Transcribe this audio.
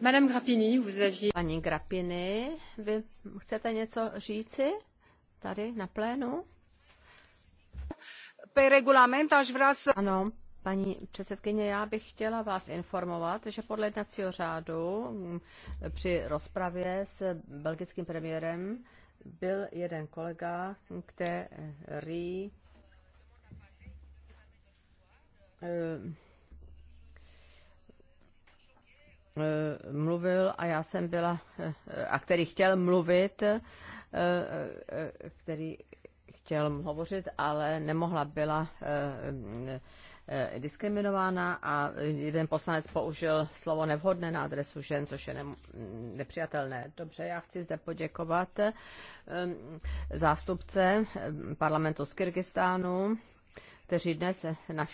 Madame Grappini, vous aviez... Paní Grappini, vy chcete něco říci tady na plénu? Pe regulament až vrea Ano, Paní předsedkyně, já bych chtěla vás informovat, že podle jednacího řádu mm, při rozpravě s belgickým premiérem byl jeden kolega, který eh, Eh, mluvil a já jsem byla, eh, a který chtěl mluvit, eh, který chtěl hovořit, ale nemohla, byla diskriminována a jeden poslanec použil slovo nevhodné na adresu žen, což je nepřijatelné. Dobře, já chci zde poděkovat zástupce parlamentu z Kyrgyzstánu, kteří dnes navštívili